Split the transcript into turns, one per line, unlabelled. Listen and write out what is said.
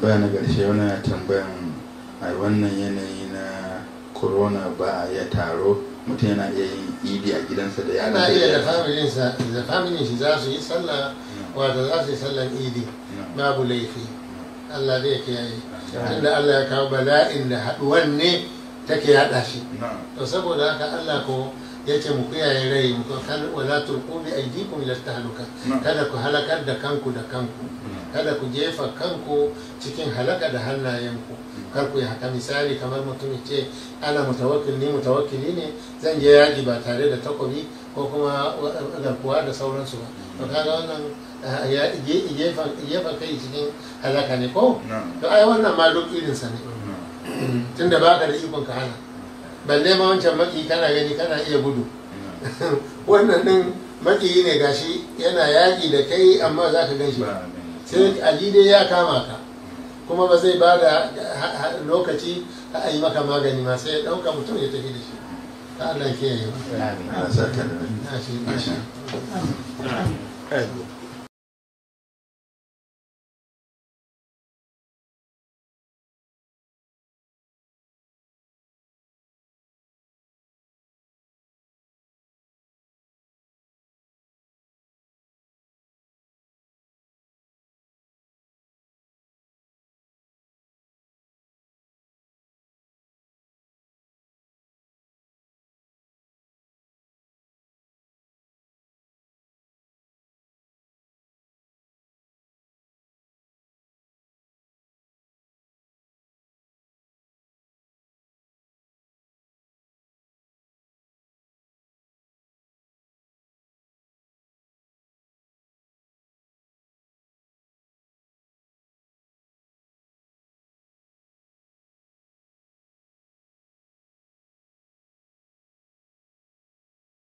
tambaya na ƙarshe ya tambayan a wannan yanayi na corona ba a iya taro mutum yana iya yin idi a gidansa da yana iya da familinsa
da familin shi za su yi sallah wata za su yi sallan idi babu laifi Allah zai kiyaye inda Allah ya kawo bala'in da haɗuwan ne take yaɗa shi to saboda haka Allah ko yace mu kiyaye rai mu kan wala ku bi aydikum ila tahluka kada ku halakar da kanku da kanku kada ku jefa kanku cikin halaka da ku kar ku yi haka misali kamar mutum ce ana mutawakkil ni mutawakkili ne zan je yaji ba tare da takobi ko kuma garkuwa da sauransu ba to kaga wannan eh, ya jefa kai cikin halaka ne ko to ai wannan ma duk sa ne tunda baka da ikon ka hana balle ma wancan maki kana gani kana iya gudu wannan din maki ne gashi yana yaƙi da kai amma za ka gan shi sai ali dai ya kama ka kuma ba zai ba da lokaci a yi maka magani ma sai ya ɗauka mutum ya tafi da shi ta Allah
ya yi